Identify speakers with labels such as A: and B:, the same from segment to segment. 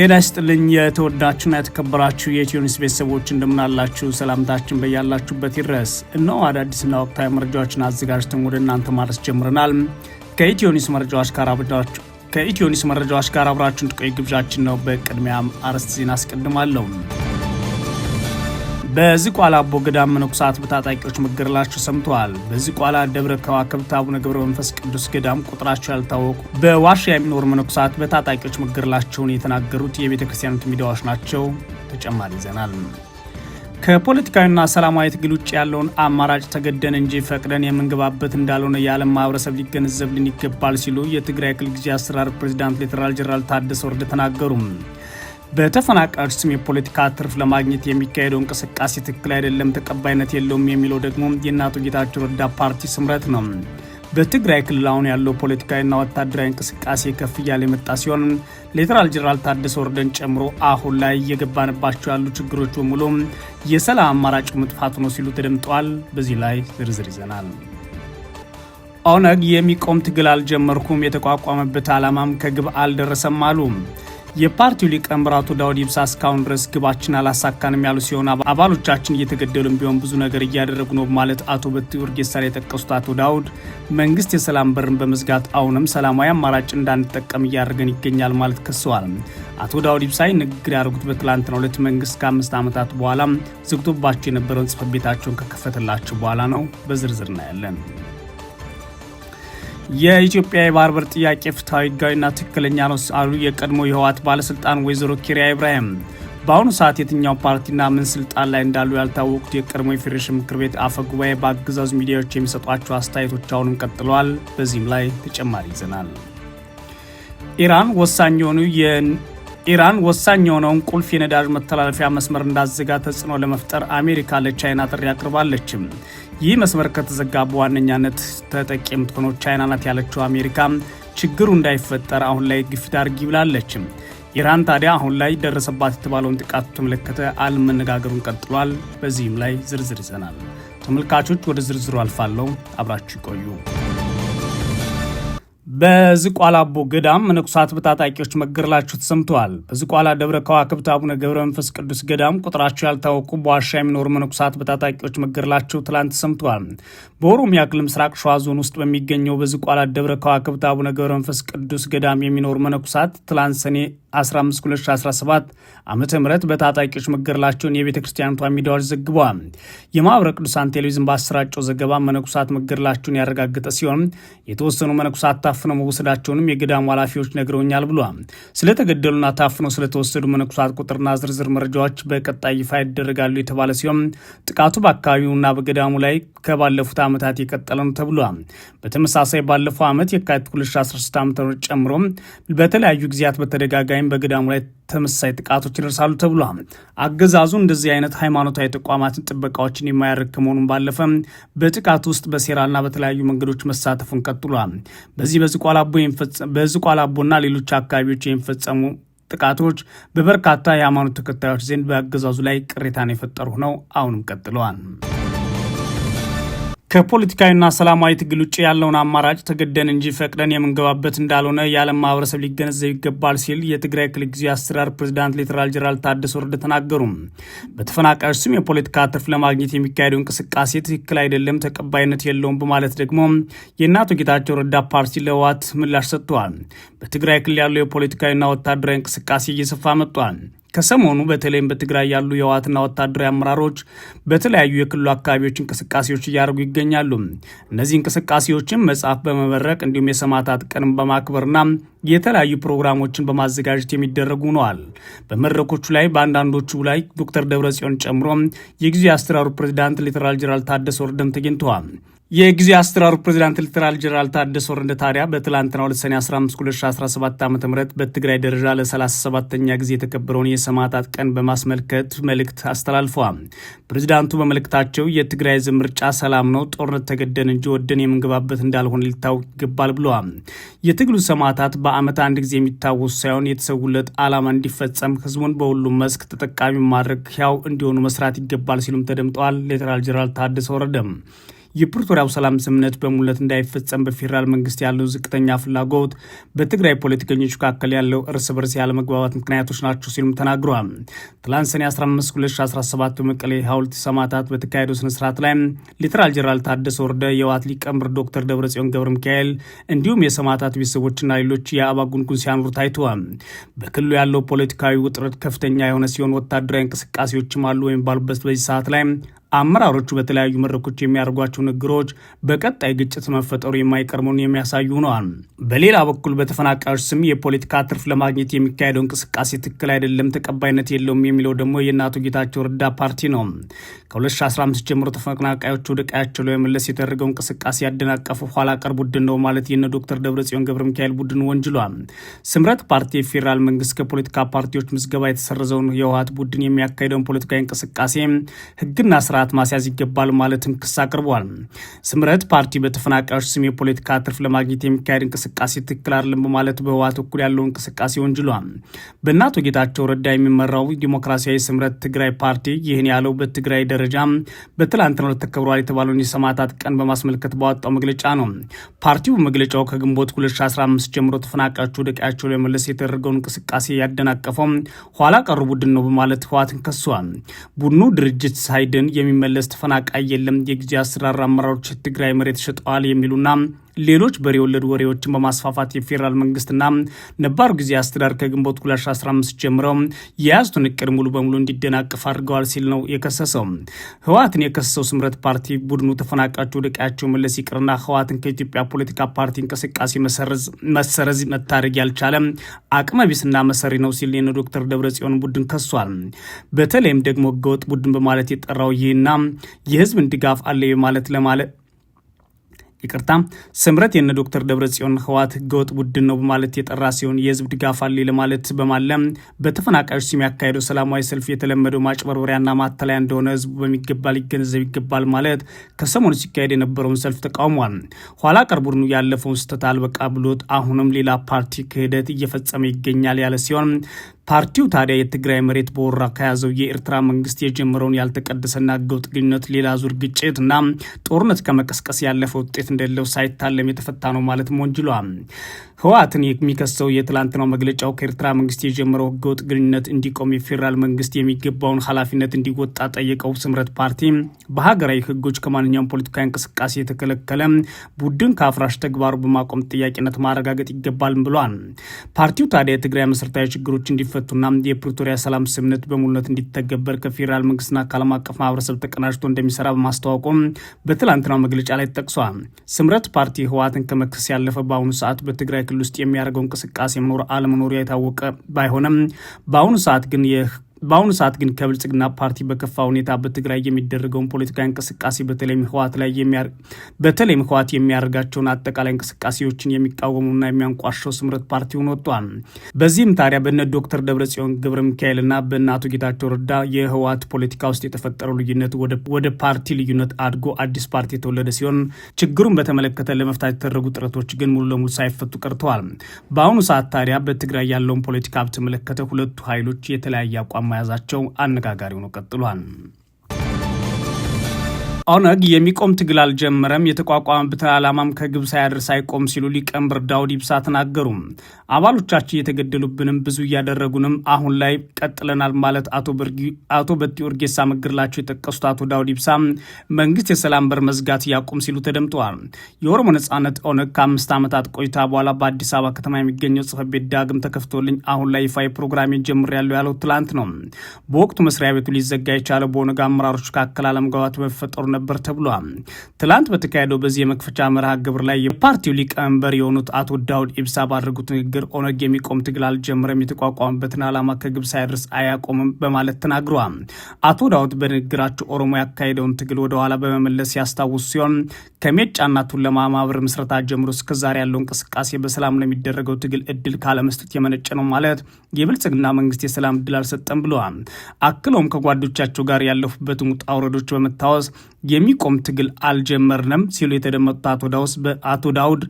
A: ጤና ይስጥልኝ የተወዳችሁና የተከበራችሁ የኢትዮ ቤተሰቦች እንደምናላችሁ ሰላምታችን በያላችሁበት ይድረስ። እነሆ አዳዲስና ወቅታዊ መረጃዎችን አዘጋጅተን ወደ እናንተ ማድረስ ጀምረናል። ከኢትዮኒስ መረጃዎች ጋር አብዳችሁ ከኢትዮኒስ መረጃዎች ጋር አብራችሁን ጥቆይ ግብዣችን ነው። በቅድሚያም አርዕስተ ዜና አስቀድማለሁ። በዝቋላ አቦ ገዳም መነኮሳት በታጣቂዎች መገደላቸው ሰምተዋል። በዝቋላ ደብረ ከዋክብት አቡነ ገብረ መንፈስ ቅዱስ ገዳም ቁጥራቸው ያልታወቁ በዋሻ የሚኖሩ መነኮሳት በታጣቂዎች መገደላቸውን የተናገሩት የቤተ ክርስቲያኑት ሚዲያዎች ናቸው። ተጨማሪ ይዘናል። ከፖለቲካዊና ሰላማዊ ትግል ውጭ ያለውን አማራጭ ተገደን እንጂ ፈቅደን የምንገባበት እንዳልሆነ የዓለም ማህበረሰብ ሊገነዘብልን ይገባል ሲሉ የትግራይ ክልል ጊዜያዊ አስተዳደር ፕሬዚዳንት ሌተናል ጄኔራል ታደሰ ወረደ ተናገሩም። በተፈናቃዮች ስም የፖለቲካ ትርፍ ለማግኘት የሚካሄደው እንቅስቃሴ ትክክል አይደለም፣ ተቀባይነት የለውም የሚለው ደግሞ የእናቶ ጌታቸው ረዳ ፓርቲ ስምረት ነው። በትግራይ ክልል አሁን ያለው ፖለቲካዊና ወታደራዊ እንቅስቃሴ ከፍ እያለ የመጣ ሲሆን ሌተናል ጄኔራል ታደሰ ወረደን ጨምሮ አሁን ላይ እየገባንባቸው ያሉ ችግሮች በሙሉ የሰላም አማራጭ መጥፋት ነው ሲሉ ተደምጠዋል። በዚህ ላይ ዝርዝር ይዘናል። ኦነግ የሚቆም ትግል አልጀመርኩም፣ የተቋቋመበት ዓላማም ከግብ አልደረሰም አሉ። የፓርቲው ሊቀመንበር አቶ ዳውድ ይብሳ እስካሁን ድረስ ግባችን አላሳካንም ያሉ ሲሆን አባሎቻችን እየተገደሉም ቢሆን ብዙ ነገር እያደረጉ ነው ማለት አቶ በትሩ ኡርጌሳ ላይ የጠቀሱት አቶ ዳውድ መንግስት የሰላም በርን በመዝጋት አሁንም ሰላማዊ አማራጭ እንዳንጠቀም እያደረገን ይገኛል ማለት ከሰዋል። አቶ ዳውድ ይብሳ ንግግር ያደርጉት በትላንትናው ዕለት መንግስት ከአምስት ዓመታት በኋላ ዘግቶባቸው የነበረውን ጽህፈት ቤታቸውን ከከፈተላቸው በኋላ ነው። በዝርዝር እናያለን። የኢትዮጵያ የባህር በር ጥያቄ ፍትሐዊ፣ ህጋዊና ትክክለኛ ነው አሉ የቀድሞ የህወሓት ባለስልጣን ወይዘሮ ኪሪያ ኢብራሂም። በአሁኑ ሰዓት የትኛው ፓርቲና ምን ስልጣን ላይ እንዳሉ ያልታወቁት የቀድሞ የፌዴሬሽን ምክር ቤት አፈ ጉባኤ በአገዛዙ ሚዲያዎች የሚሰጧቸው አስተያየቶች አሁንም ቀጥለዋል። በዚህም ላይ ተጨማሪ ይዘናል። ኢራን ወሳኝ የሆኑ ኢራን ወሳኝ የሆነውን ቁልፍ የነዳጅ መተላለፊያ መስመር እንዳዘጋ ተጽዕኖ ለመፍጠር አሜሪካ ለቻይና ጥሪ አቅርባለችም። ይህ መስመር ከተዘጋ በዋነኛነት ተጠቂ የምትሆነው ቻይና ናት ያለችው አሜሪካ ችግሩ እንዳይፈጠር አሁን ላይ ግፊት አድርጊ ብላለችም። ኢራን ታዲያ አሁን ላይ ደረሰባት የተባለውን ጥቃት ተመለከተ ዓለም መነጋገሩን ቀጥሏል። በዚህም ላይ ዝርዝር ይዘናል። ተመልካቾች ወደ ዝርዝሩ አልፋለሁ፣ አብራችሁ ይቆዩ። በዝቋላ አቦ ገዳም መነኩሳት በታጣቂዎች መገደላቸው ተሰምተዋል። በዝቋላ ደብረ ከዋክብት አቡነ ገብረ መንፈስ ቅዱስ ገዳም ቁጥራቸው ያልታወቁ በዋሻ የሚኖሩ መነኩሳት በታጣቂዎች መገደላቸው ትላንት ተሰምተዋል። በኦሮሚያ ክልል ምስራቅ ሸዋ ዞን ውስጥ በሚገኘው በዝቋላ ደብረ ከዋክብት አቡነ ገብረ መንፈስ ቅዱስ ገዳም የሚኖሩ መነኩሳት ትላንት ሰኔ 15 2017 ዓ ም በታጣቂዎች መገደላቸውን የቤተ ክርስቲያኒቷ ሚዲያዎች ዘግበዋል። የማኅበረ ቅዱሳን ቴሌቪዥን ባሰራጨው ዘገባ መነኩሳት መገደላቸውን ያረጋገጠ ሲሆን የተወሰኑ መነኩሳት ታፍነው መወሰዳቸውንም የገዳሙ ኃላፊዎች ነግረውኛል ብሏል። ስለተገደሉና ታፍነው ስለተወሰዱ መነኩሳት ቁጥርና ዝርዝር መረጃዎች በቀጣይ ይፋ ይደረጋሉ የተባለ ሲሆን ጥቃቱ በአካባቢውና በገዳሙ ላይ ከባለፉት ዓመታት የቀጠለ ነው ተብሏል። በተመሳሳይ ባለፈው ዓመት የካቲት 2016 ዓ ም ጨምሮ በተለያዩ ጊዜያት በተደጋጋሚ በተለይም በገዳሙ ላይ ተመሳሳይ ጥቃቶች ይደርሳሉ ተብሏል። አገዛዙ እንደዚህ አይነት ሃይማኖታዊ ተቋማትን ጥበቃዎችን የማያደርግ ከመሆኑም ባለፈ በጥቃት ውስጥ በሴራና በተለያዩ መንገዶች መሳተፉን ቀጥሏል። በዚህ በዝቋላቦና ሌሎች አካባቢዎች የሚፈጸሙ ጥቃቶች በበርካታ የሃይማኖት ተከታዮች ዘንድ በአገዛዙ ላይ ቅሬታን የፈጠሩ ነው አሁንም ቀጥለዋል። ከፖለቲካዊና ሰላማዊ ትግል ውጭ ያለውን አማራጭ ተገደን እንጂ ፈቅደን የምንገባበት እንዳልሆነ የዓለም ማህበረሰብ ሊገነዘብ ይገባል ሲል የትግራይ ክልል ጊዜያዊ አስተዳደር ፕሬዚዳንት ሌተናል ጄኔራል ታደሰ ወረደ ተናገሩ። በተፈናቃዮች ስም የፖለቲካ ትርፍ ለማግኘት የሚካሄደው እንቅስቃሴ ትክክል አይደለም፣ ተቀባይነት የለውም በማለት ደግሞ የእናቶ ጌታቸው ረዳ ፓርቲ ለህወሓት ምላሽ ሰጥተዋል። በትግራይ ክልል ያለው የፖለቲካዊና ወታደራዊ እንቅስቃሴ እየሰፋ መጥቷል። ከሰሞኑ በተለይም በትግራይ ያሉ የህወሓትና ወታደራዊ አመራሮች በተለያዩ የክልሉ አካባቢዎች እንቅስቃሴዎች እያደረጉ ይገኛሉ። እነዚህ እንቅስቃሴዎችን መጽሐፍ በመመረቅ እንዲሁም የሰማዕታት ቀንም በማክበርና የተለያዩ ፕሮግራሞችን በማዘጋጀት የሚደረጉ ነዋል። በመድረኮቹ ላይ በአንዳንዶቹ ላይ ዶክተር ደብረጽዮን ጨምሮ የጊዜ አስተራሩ ፕሬዚዳንት ሌተናል ጄኔራል ታደሰ ወረደም ተገኝተዋል። የጊዜ አስተራሩ ፕሬዚዳንት ሌተናል ጀነራል ታደሰ ወረደ ታዲያ ሁለት ሰኔ 15 2017 ዓ ም በትግራይ ደረጃ ለ37ተኛ ጊዜ የተከበረውን የሰማዕታት ቀን በማስመልከት መልእክት አስተላልፈዋል። ፕሬዚዳንቱ በመልእክታቸው የትግራይ ህዝብ ምርጫ ሰላም ነው፣ ጦርነት ተገደን እንጂ ወደን የምንገባበት እንዳልሆነ ሊታወቅ ይገባል ብለዋል። የትግሉ ሰማዕታት በአመት አንድ ጊዜ የሚታወሱ ሳይሆን የተሰውለት ዓላማ እንዲፈጸም ህዝቡን በሁሉም መስክ ተጠቃሚ ማድረግ፣ ያው እንዲሆኑ መስራት ይገባል ሲሉም ተደምጠዋል። ሌተናል ጀነራል ታደሰ ወረደም የፕሪቶሪያው ሰላም ስምምነት በሙለት እንዳይፈጸም በፌዴራል መንግስት ያለው ዝቅተኛ ፍላጎት በትግራይ ፖለቲከኞች መካከል ያለው እርስ በርስ ያለመግባባት ምክንያቶች ናቸው ሲሉም ተናግረዋል። ትላንት ሰኔ 15 2017 በመቀሌ ሐውልት ሰማዕታት በተካሄደው ስነስርዓት ላይ ሌተናል ጄኔራል ታደሰ ወረደ፣ የህወሓት ሊቀመንበር ዶክተር ደብረጽዮን ገብረ ሚካኤል እንዲሁም የሰማዕታት ቤተሰቦችና ሌሎች የአበባ ጉንጉን ሲያኖሩ ታይተዋል። በክልሉ ያለው ፖለቲካዊ ውጥረት ከፍተኛ የሆነ ሲሆን ወታደራዊ እንቅስቃሴዎችም አሉ የሚባሉበት በዚህ ሰዓት ላይ አመራሮቹ በተለያዩ መድረኮች የሚያደርጓቸው ንግግሮች በቀጣይ ግጭት መፈጠሩ የማይቀር መሆኑን የሚያሳዩ ሆነዋል። በሌላ በኩል በተፈናቃዮች ስም የፖለቲካ ትርፍ ለማግኘት የሚካሄደው እንቅስቃሴ ትክክል አይደለም፣ ተቀባይነት የለውም የሚለው ደግሞ የእናቶ ጌታቸው ረዳ ፓርቲ ነው። ከ2015 ጀምሮ ተፈናቃዮች ወደ ቀያቸው ለመመለስ የተደረገው እንቅስቃሴ ያደናቀፉ ኋላ ቀር ቡድን ነው ማለት የነ ዶክተር ደብረጽዮን ገብረ ሚካኤል ቡድን ወንጅሏል። ስምረት ፓርቲ የፌዴራል መንግስት ከፖለቲካ ፓርቲዎች ምዝገባ የተሰረዘውን የህወሓት ቡድን የሚያካሄደውን ፖለቲካዊ እንቅስቃሴ ህግና ስርዓት ስርዓት ማስያዝ ይገባል ማለትም ክስ አቅርቧል። ስምረት ፓርቲ በተፈናቃዮች ስም የፖለቲካ ትርፍ ለማግኘት የሚካሄድ እንቅስቃሴ ትክክል አይደለም በማለት በህወሓት በኩል ያለው እንቅስቃሴ ወንጅሏል። በእናቶ ጌታቸው ረዳ የሚመራው ዲሞክራሲያዊ ስምረት ትግራይ ፓርቲ ይህን ያለው በትግራይ ደረጃ በትላንትናው ዕለት ተከብሯል የተባለውን የሰማዕታት ቀን በማስመልከት ባወጣው መግለጫ ነው። ፓርቲው በመግለጫው ከግንቦት 2015 ጀምሮ ተፈናቃዮች ወደ ቀያቸው ለመለስ የተደረገውን እንቅስቃሴ ያደናቀፈው ኋላ ቀሩ ቡድን ነው በማለት ህወሓትን ከሷል። ቡድኑ ድርጅት ሳይድን የሚመለስ ተፈናቃይ የለም፣ የጊዜ አሰራር አመራሮች ትግራይ መሬት ሸጠዋል የሚሉና ሌሎች በሬ ወለድ ወሬዎችን በማስፋፋት የፌዴራል መንግስትና ነባሩ ጊዜ አስተዳደር ከግንቦት 2015 ጀምረው የያዙትን እቅድ ሙሉ በሙሉ እንዲደናቅፍ አድርገዋል ሲል ነው የከሰሰው። ህወሓትን የከሰሰው ስምረት ፓርቲ ቡድኑ ተፈናቃዮች ወደ ቀያቸው መለስ ይቅርና ህወሓትን ከኢትዮጵያ ፖለቲካ ፓርቲ እንቅስቃሴ መሰረዝ መታደግ ያልቻለ አቅመ ቢስና መሰሪ ነው ሲል የነ ዶክተር ደብረጽዮን ቡድን ከሷል። በተለይም ደግሞ ህገወጥ ቡድን በማለት የጠራው ይህና የህዝብን ድጋፍ አለ ማለት ለማለት ይቅርታ ስምረት የነ ዶክተር ደብረጽዮን ህወሓት ህገወጥ ቡድን ነው በማለት የጠራ ሲሆን የህዝብ ድጋፍ አለ ለማለት በማለም በተፈናቃዮች ስም ያካሄደው ሰላማዊ ሰልፍ የተለመደው ማጭበርበሪያና ማተላያ እንደሆነ ህዝቡ በሚገባ ሊገነዘብ ይገባል ማለት ከሰሞኑ ሲካሄድ የነበረውን ሰልፍ ተቃውሟል። ኋላ ቀር ቡድኑ ያለፈውን ስህተት አልበቃ ብሎት አሁንም ሌላ ፓርቲ ክህደት እየፈጸመ ይገኛል ያለ ሲሆን ፓርቲው ታዲያ የትግራይ መሬት በወራ ከያዘው የኤርትራ መንግስት የጀመረውን ያልተቀደሰና ህገወጥ ግንኙነት ሌላ ዙር ግጭት እና ጦርነት ከመቀስቀስ ያለፈ ውጤት እንደሌለው ሳይታለም የተፈታ ነው ማለት ወንጅሏል። ህወሓትን የሚከሰው የትላንትናው መግለጫው ከኤርትራ መንግስት የጀመረው ህገወጥ ግንኙነት እንዲቆም የፌዴራል መንግስት የሚገባውን ኃላፊነት እንዲወጣ ጠየቀው። ስምረት ፓርቲ በሀገራዊ ህጎች ከማንኛውም ፖለቲካዊ እንቅስቃሴ የተከለከለ ቡድን ከአፍራሽ ተግባሩ በማቆም ጥያቄነት ማረጋገጥ ይገባል ብሏል። ፓርቲው ታዲያ የትግራይ መሰረታዊ ችግሮች እንዲፈ እንዲፈቱና የፕሪቶሪያ ሰላም ስምምነት በሙሉነት እንዲተገበር ከፌዴራል መንግስትና ከዓለም አቀፍ ማህበረሰብ ተቀናጅቶ እንደሚሰራ በማስተዋወቁም በትላንትናው መግለጫ ላይ ጠቅሷል። ስምረት ፓርቲ ህወሓትን ከመክሰስ ያለፈ በአሁኑ ሰዓት በትግራይ ክልል ውስጥ የሚያደርገው እንቅስቃሴ መኖር አለመኖሩ የታወቀ ባይሆንም በአሁኑ ሰዓት ግን በአሁኑ ሰዓት ግን ከብልጽግና ፓርቲ በከፋ ሁኔታ በትግራይ የሚደረገውን ፖለቲካዊ እንቅስቃሴ በተለይም ህወሓት ላይ በተለይም ህወሓት የሚያደርጋቸውን አጠቃላይ እንቅስቃሴዎችን የሚቃወሙና የሚያንቋሸው ስምረት ፓርቲውን ወጥቷል። በዚህም ታዲያ በነ ዶክተር ደብረጽዮን ገብረ ሚካኤልና በነ አቶ ጌታቸው ረዳ የህወሓት ፖለቲካ ውስጥ የተፈጠረው ልዩነት ወደ ፓርቲ ልዩነት አድጎ አዲስ ፓርቲ የተወለደ ሲሆን ችግሩን በተመለከተ ለመፍታት የተደረጉ ጥረቶች ግን ሙሉ ለሙሉ ሳይፈቱ ቀርተዋል። በአሁኑ ሰዓት ታዲያ በትግራይ ያለውን ፖለቲካ በተመለከተ ሁለቱ ኃይሎች የተለያየ አቋም መያዛቸው አነጋጋሪ ሆኖ ቀጥሏል። ኦነግ የሚቆም ትግል አልጀመረም፣ የተቋቋመበትን ዓላማም ከግብ ሳያደርስ አይቆም ሲሉ ሊቀመንበር ዳውድ ኢብሳ ተናገሩ። አባሎቻችን የተገደሉብንም ብዙ እያደረጉንም አሁን ላይ ቀጥለናል ማለት አቶ በቲ ኡርጌሳ መገደላቸው የጠቀሱት አቶ ዳውድ ኢብሳ መንግስት የሰላም በር መዝጋት ያቁም ሲሉ ተደምጠዋል። የኦሮሞ ነጻነት ኦነግ ከአምስት ዓመታት ቆይታ በኋላ በአዲስ አበባ ከተማ የሚገኘው ጽህፈት ቤት ዳግም ተከፍቶልኝ አሁን ላይ ይፋዊ ፕሮግራሜን ጀምሬያለሁ ያለው ትላንት ነው። በወቅቱ መስሪያ ቤቱ ሊዘጋ የቻለው በኦነግ አመራሮች መካከል አለመግባባት በመፈጠሩ ነበር ተብሏል። ትላንት በተካሄደው በዚህ የመክፈቻ መርሃ ግብር ላይ የፓርቲው ሊቀመንበር የሆኑት አቶ ዳውድ ኢብሳ ባደረጉት ንግግር ኦነግ የሚቆም ትግል አልጀምረም፣ የተቋቋመበትን ዓላማ ከግብ ሳይደርስ አያቆምም በማለት ተናግረዋል። አቶ ዳውድ በንግግራቸው ኦሮሞ ያካሄደውን ትግል ወደኋላ በመመለስ ያስታውሱ ሲሆን ከሜጫና ቱለማ ማህበር ምስረታ ጀምሮ እስከዛሬ ያለው እንቅስቃሴ በሰላም ለሚደረገው ትግል እድል ካለመስጠት የመነጨ ነው ማለት የብልጽግና መንግስት የሰላም እድል አልሰጠም ብለዋል። አክለውም ከጓዶቻቸው ጋር ያለፉበትን ውጣ ውረዶች በመታወስ የሚቆም ትግል አልጀመርንም ሲሉ የተደመጡት አቶ ዳውስ በአቶ ዳውድ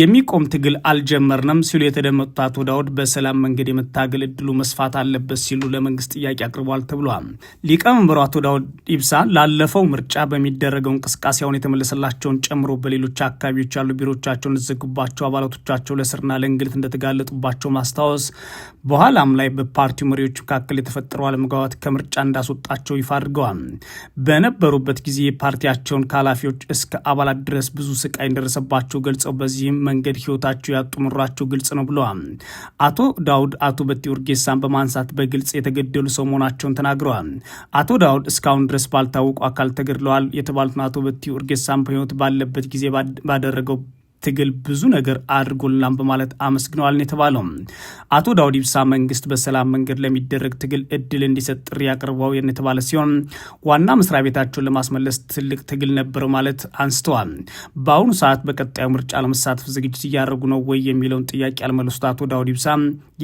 A: የሚቆም ትግል አልጀመርንም ሲሉ የተደመጡት አቶ ዳውድ በሰላም መንገድ የመታገል እድሉ መስፋት አለበት ሲሉ ለመንግስት ጥያቄ አቅርቧል ተብሏል። ሊቀመንበሩ አቶ ዳውድ ኢብሳ ላለፈው ምርጫ በሚደረገው እንቅስቃሴ አሁን የተመለሰላቸውን ጨምሮ በሌሎች አካባቢዎች ያሉ ቢሮቻቸውን የተዘጉባቸው አባላቶቻቸው ለስርና ለእንግልት እንደተጋለጡባቸው ማስታወስ፣ በኋላም ላይ በፓርቲው መሪዎች መካከል የተፈጠረው አለመግባባት ከምርጫ እንዳስወጣቸው ይፋ አድርገዋል። በነበሩበት ጊዜ የፓርቲያቸውን ከኃላፊዎች እስከ አባላት ድረስ ብዙ ስቃይ እንደደረሰባቸው ገልጸው በዚህም መንገድ ህይወታቸው ያጡ ግልጽ ነው ብለዋል። አቶ ዳውድ አቶ በቲ ኡርጌሳን በማንሳት በግልጽ የተገደሉ ሰው መሆናቸውን ተናግረዋል። አቶ ዳውድ እስካሁን ድረስ ባልታወቁ አካል ተገድለዋል የተባሉትን አቶ በቴ ኡርጌሳን በህይወት ባለበት ጊዜ ባደረገው ትግል ብዙ ነገር አድርጎልናም በማለት አመስግነዋል ነው የተባለው። አቶ ዳውድ ኢብሳ መንግስት በሰላም መንገድ ለሚደረግ ትግል እድል እንዲሰጥ ጥሪ አቅርበው የተባለ ሲሆን ዋና መስሪያ ቤታቸውን ለማስመለስ ትልቅ ትግል ነበረው ማለት አንስተዋል። በአሁኑ ሰዓት በቀጣዩ ምርጫ ለመሳተፍ ዝግጅት እያደረጉ ነው ወይ የሚለውን ጥያቄ ያልመለሱት አቶ ዳውድ ኢብሳ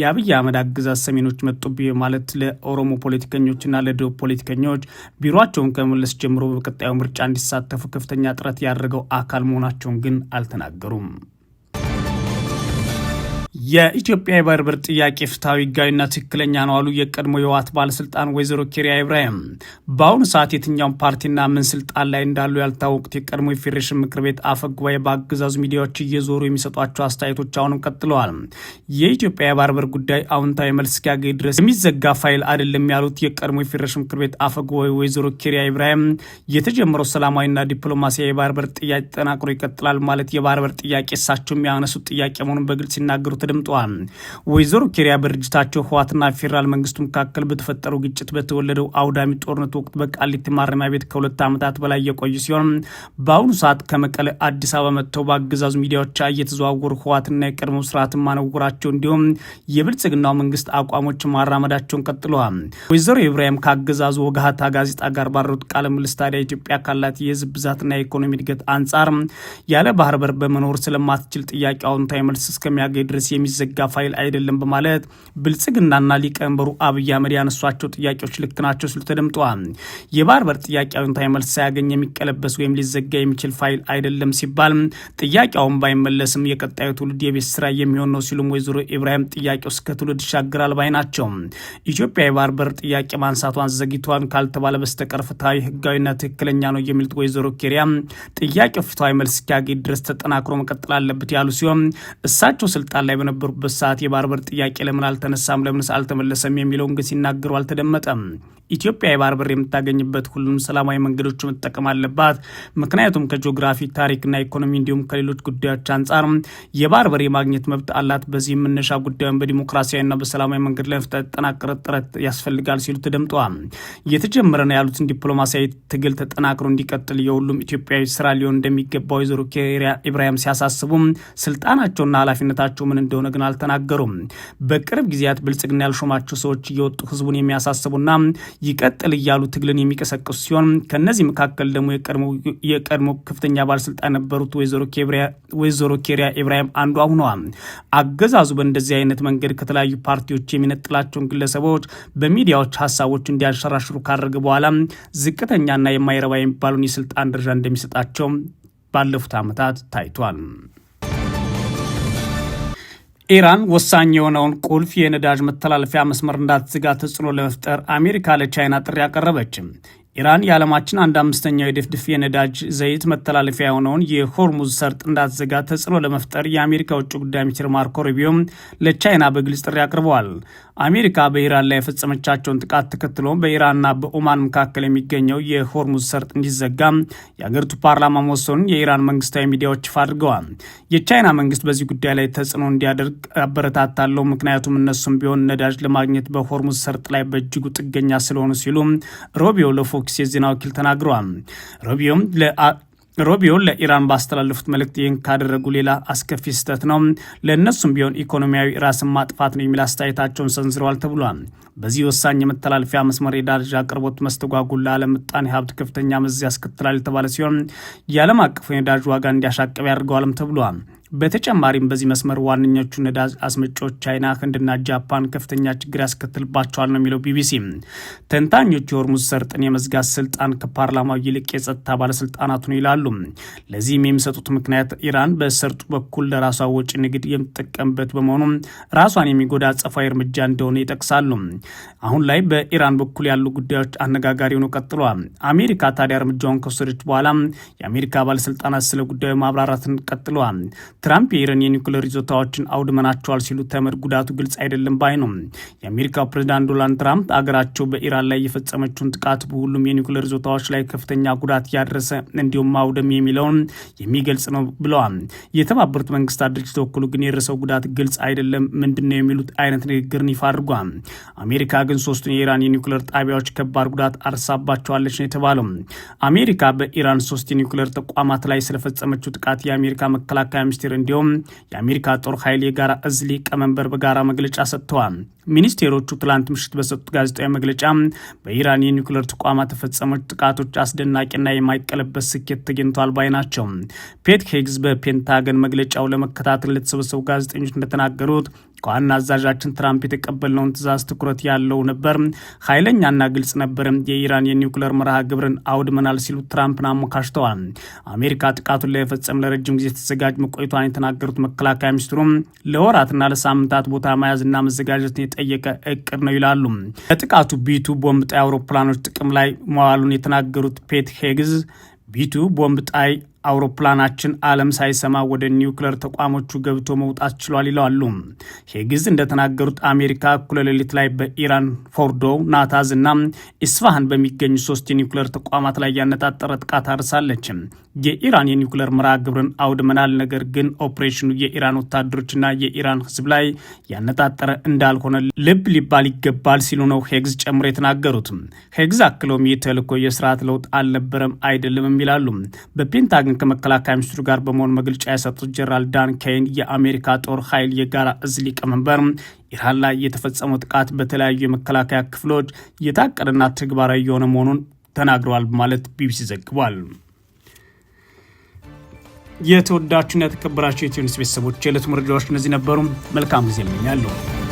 A: የአብይ አህመድ አገዛዝ ሰሜኖች መጡብኝ ማለት ለኦሮሞ ፖለቲከኞችና ለደቡብ ፖለቲከኞች ቢሮቸውን ከመለስ ጀምሮ በቀጣዩ ምርጫ እንዲሳተፉ ከፍተኛ ጥረት ያደረገው አካል መሆናቸውን ግን አልተናገሩ รุม የኢትዮጵያ የባህር በር ጥያቄ ፍትሐዊ ህጋዊና ትክክለኛ ነው አሉ የቀድሞ የህወሓት ባለስልጣን ወይዘሮ ኬሪያ ኢብራሂም። በአሁኑ ሰዓት የትኛውን ፓርቲና ምን ስልጣን ላይ እንዳሉ ያልታወቁት የቀድሞ የፌዴሬሽን ምክር ቤት አፈ ጉባኤ በአገዛዙ ሚዲያዎች እየዞሩ የሚሰጧቸው አስተያየቶች አሁንም ቀጥለዋል። የኢትዮጵያ የባህር በር ጉዳይ አዎንታዊ መልስ እስኪያገኝ ድረስ የሚዘጋ ፋይል አይደለም ያሉት የቀድሞ የፌዴሬሽን ምክር ቤት አፈ ጉባኤ ወይዘሮ ኬሪያ ኢብራሂም የተጀመረው ሰላማዊና ዲፕሎማሲያዊ የባህር በር ጥያቄ ተጠናክሮ ይቀጥላል ማለት የባህር በር ጥያቄ እሳቸው የሚያነሱት ጥያቄ መሆኑን በግልጽ ሲናገሩ ተደምጠዋል። ወይዘሮ ኬሪያ በድርጅታቸው ህዋትና ፌዴራል መንግስቱ መካከል በተፈጠረው ግጭት በተወለደው አውዳሚ ጦርነት ወቅት በቃሊቲ ማረሚያ ቤት ከሁለት ዓመታት በላይ የቆዩ ሲሆን በአሁኑ ሰዓት ከመቀለ አዲስ አበባ መጥተው በአገዛዙ ሚዲያዎች እየተዘዋወሩ ህዋትና የቀድሞ ስርዓትን ማነወራቸው እንዲሁም የብልጽግናው መንግስት አቋሞች ማራመዳቸውን ቀጥለዋል። ወይዘሮ ኢብራሂም ከአገዛዙ ወጋሃታ ጋዜጣ ጋር ባደረጉት ቃለ ምልልስ ታዲያ ኢትዮጵያ ካላት የህዝብ ብዛትና የኢኮኖሚ እድገት አንጻር ያለ ባህር በር በመኖር ስለማትችል ጥያቄ አዎንታዊ መልስ እስከሚያገኝ ድረስ የሚዘጋ ፋይል አይደለም በማለት ብልጽግናና ሊቀመንበሩ አብይ አህመድ ያነሷቸው ጥያቄዎች ልክ ናቸው ሲሉ ተደምጠዋል። የባህር በር ጥያቄ አዎንታዊ መልስ ሳያገኝ የሚቀለበስ ወይም ሊዘጋ የሚችል ፋይል አይደለም ሲባል ጥያቄውን ባይመለስም የቀጣዩ ትውልድ የቤት ስራ የሚሆን ነው ሲሉም ወይዘሮ ኢብራሂም ጥያቄው እስከ ትውልድ ይሻገራል ባይ ናቸው። ኢትዮጵያ የባህር በር ጥያቄ ማንሳቷን ዘግይቷን ካልተባለ በስተቀር ፍትሐዊ፣ ህጋዊና ትክክለኛ ነው የሚሉት ወይዘሮ ኬሪያ ጥያቄው ፍትሐዊ መልስ እስኪያገኝ ድረስ ተጠናክሮ መቀጠል አለበት ያሉ ሲሆን እሳቸው ስልጣን ላይ በነበሩበት ሰዓት የባህር በር ጥያቄ ለምን አልተነሳም፣ ለምንስ አልተመለሰም የሚለውን ግን ሲናገሩ አልተደመጠም። ኢትዮጵያ የባህር በር የምታገኝበት ሁሉም ሰላማዊ መንገዶች መጠቀም አለባት። ምክንያቱም ከጂኦግራፊ ታሪክና ኢኮኖሚ እንዲሁም ከሌሎች ጉዳዮች አንጻር የባህር በር የማግኘት መብት አላት። በዚህ መነሻ ጉዳዩን በዲሞክራሲያዊና በሰላማዊ መንገድ ለመፍታት የተጠናከረ ጥረት ያስፈልጋል ሲሉ ተደምጠዋል። የተጀመረ ነው ያሉትን ዲፕሎማሲያዊ ትግል ተጠናክሮ እንዲቀጥል የሁሉም ኢትዮጵያዊ ስራ ሊሆን እንደሚገባ ወይዘሮ ኬሪያ ኢብራሂም ሲያሳስቡም ስልጣናቸውና ኃላፊነታቸው ምን እንደሆነ ግን አልተናገሩም። በቅርብ ጊዜያት ብልጽግና ያልሾማቸው ሰዎች እየወጡ ህዝቡን የሚያሳስቡና ይቀጥል እያሉ ትግልን የሚቀሰቅሱ ሲሆን ከእነዚህ መካከል ደግሞ የቀድሞ ከፍተኛ ባለስልጣን የነበሩት ወይዘሮ ኬሪያ ኢብራሂም አንዷ ሆነዋል። አገዛዙ በእንደዚህ አይነት መንገድ ከተለያዩ ፓርቲዎች የሚነጥላቸውን ግለሰቦች በሚዲያዎች ሀሳቦች እንዲያንሸራሽሩ ካደረገ በኋላ ዝቅተኛና የማይረባ የሚባሉን የስልጣን ደረጃ እንደሚሰጣቸው ባለፉት ዓመታት ታይቷል። ኢራን ወሳኝ የሆነውን ቁልፍ የነዳጅ መተላለፊያ መስመር እንዳትዝጋ ተጽዕኖ ለመፍጠር አሜሪካ ለቻይና ጥሪ አቀረበችም። ኢራን የዓለማችን አንድ አምስተኛው የድፍድፍ የነዳጅ ዘይት መተላለፊያ የሆነውን የሆርሙዝ ሰርጥ እንዳትዘጋ ተጽዕኖ ለመፍጠር የአሜሪካ ውጭ ጉዳይ ሚኒስትር ማርኮ ሩቢዮም ለቻይና በግልጽ ጥሪ አቅርበዋል። አሜሪካ በኢራን ላይ የፈጸመቻቸውን ጥቃት ተከትሎ በኢራንና በኦማን መካከል የሚገኘው የሆርሙዝ ሰርጥ እንዲዘጋ የአገሪቱ ፓርላማ መወሰኑን የኢራን መንግስታዊ ሚዲያዎች ይፋ አድርገዋል። የቻይና መንግስት በዚህ ጉዳይ ላይ ተጽዕኖ እንዲያደርግ አበረታታለው፣ ምክንያቱም እነሱም ቢሆን ነዳጅ ለማግኘት በሆርሙዝ ሰርጥ ላይ በእጅጉ ጥገኛ ስለሆኑ ሲሉ ሮቢዮ ለፎክስ የፎክስ የዜና ወኪል ተናግረዋል። ሮቢዮም ሮቢዮ ለኢራን ባስተላለፉት መልእክት ይህን ካደረጉ ሌላ አስከፊ ስህተት ነው፣ ለእነሱም ቢሆን ኢኮኖሚያዊ ራስን ማጥፋት ነው የሚል አስተያየታቸውን ሰንዝረዋል ተብሏል። በዚህ ወሳኝ የመተላለፊያ መስመር የዳርጃ አቅርቦት መስተጓጉል ለዓለም ምጣኔ ሀብት ከፍተኛ መዘዝ ያስከትላል የተባለ ሲሆን የዓለም አቀፉ የነዳጅ ዋጋ እንዲያሻቅብ ያደርገዋልም ተብሏል። በተጨማሪም በዚህ መስመር ዋነኞቹ ነዳጅ አስመጪዎች ቻይና፣ ህንድና ጃፓን ከፍተኛ ችግር ያስከትልባቸዋል ነው የሚለው ቢቢሲ። ተንታኞቹ የሆርሙዝ ሰርጥን የመዝጋት ስልጣን ከፓርላማው ይልቅ የጸጥታ ባለስልጣናት ነው ይላሉ። ለዚህም የሚሰጡት ምክንያት ኢራን በሰርጡ በኩል ለራሷ ወጪ ንግድ የምትጠቀምበት በመሆኑ ራሷን የሚጎዳ አጸፋዊ እርምጃ እንደሆነ ይጠቅሳሉ። አሁን ላይ በኢራን በኩል ያሉ ጉዳዮች አነጋጋሪ ሆነው ቀጥለዋል። አሜሪካ ታዲያ እርምጃውን ከወሰደች በኋላ የአሜሪካ ባለስልጣናት ስለ ጉዳዩ ማብራራትን ቀጥለዋል። ትራምፕ የኢራን የኒውክሌር ይዞታዎችን አውድመናቸዋል ሲሉ ተመድ ጉዳቱ ግልጽ አይደለም ባይ ነው። የአሜሪካው ፕሬዚዳንት ዶናልድ ትራምፕ አገራቸው በኢራን ላይ የፈጸመችውን ጥቃት በሁሉም የኒውክሌር ይዞታዎች ላይ ከፍተኛ ጉዳት ያደረሰ እንዲሁም ማውደም የሚለውን የሚገልጽ ነው ብለዋል። የተባበሩት መንግስታት ድርጅት በኩሉ ግን የደረሰው ጉዳት ግልጽ አይደለም ምንድን ነው የሚሉት አይነት ንግግርን ይፋ አድርጓል። አሜሪካ ግን ሶስቱን የኢራን የኒውክሌር ጣቢያዎች ከባድ ጉዳት አርሳባቸዋለች ነው የተባለው። አሜሪካ በኢራን ሶስት የኒውክሌር ተቋማት ላይ ስለፈጸመችው ጥቃት የአሜሪካ መከላከያ ሚኒስቴር ሚኒስትር እንዲሁም የአሜሪካ ጦር ኃይል የጋራ እዝ ሊቀመንበር በጋራ መግለጫ ሰጥተዋል። ሚኒስቴሮቹ ትላንት ምሽት በሰጡት ጋዜጣዊ መግለጫ በኢራን የኒውክሌር ተቋማት ተፈጸሞች ጥቃቶች አስደናቂና የማይቀለበስ ስኬት ተገኝቷል ባይ ናቸው። ፔት ሄግዝ በፔንታገን መግለጫው ለመከታተል ለተሰበሰቡ ጋዜጠኞች እንደተናገሩት ከዋና አዛዣችን ትራምፕ የተቀበልነውን ትዛዝ ትኩረት ያለው ነበር፣ ኃይለኛና ግልጽ ነበር። የኢራን የኒውክሌር መርሃ ግብርን አውድመናል ሲሉ ትራምፕን አሞካሽተዋል። አሜሪካ ጥቃቱን ለመፈጸም ለረጅም ጊዜ ተዘጋጅ መቆይቷ መሆናቸውን የተናገሩት መከላከያ ሚኒስትሩም ለወራትና ለሳምንታት ቦታ መያዝና መዘጋጀትን የጠየቀ እቅድ ነው ይላሉ። ለጥቃቱ ቢቱ ቦምብ ጣይ አውሮፕላኖች ጥቅም ላይ መዋሉን የተናገሩት ፔት ሄግዝ ቢቱ ቦምብ ጣይ አውሮፕላናችን ዓለም ሳይሰማ ወደ ኒውክለር ተቋሞቹ ገብቶ መውጣት ችሏል ይለዋሉ። ሄግዝ እንደተናገሩት አሜሪካ እኩለ ሌሊት ላይ በኢራን ፎርዶ፣ ናታዝ እና ኢስፋሃን በሚገኙ ሶስት የኒውክለር ተቋማት ላይ ያነጣጠረ ጥቃት አድርሳለች። የኢራን የኒውክለር መርሃ ግብርን አውድመናል፣ ነገር ግን ኦፕሬሽኑ የኢራን ወታደሮችና የኢራን ሕዝብ ላይ ያነጣጠረ እንዳልሆነ ልብ ሊባል ይገባል ሲሉ ነው ሄግዝ ጨምሮ የተናገሩት። ሄግዝ አክለውም ይህ የስርዓት ለውጥ አልነበረም አይደለም ይላሉ። በፔንታግ ግን ከመከላከያ ሚኒስትሩ ጋር በመሆን መግለጫ የሰጡት ጀነራል ዳን ኬይን የአሜሪካ ጦር ኃይል የጋራ እዝ ሊቀመንበር ኢራን ላይ የተፈጸመው ጥቃት በተለያዩ የመከላከያ ክፍሎች የታቀደና ተግባራዊ የሆነ መሆኑን ተናግረዋል በማለት ቢቢሲ ዘግቧል። የተወዳችሁና የተከበራችሁ የኢትዮ ቤተሰቦች የዕለቱ መረጃዎች እነዚህ ነበሩ። መልካም ጊዜ እመኛለሁ።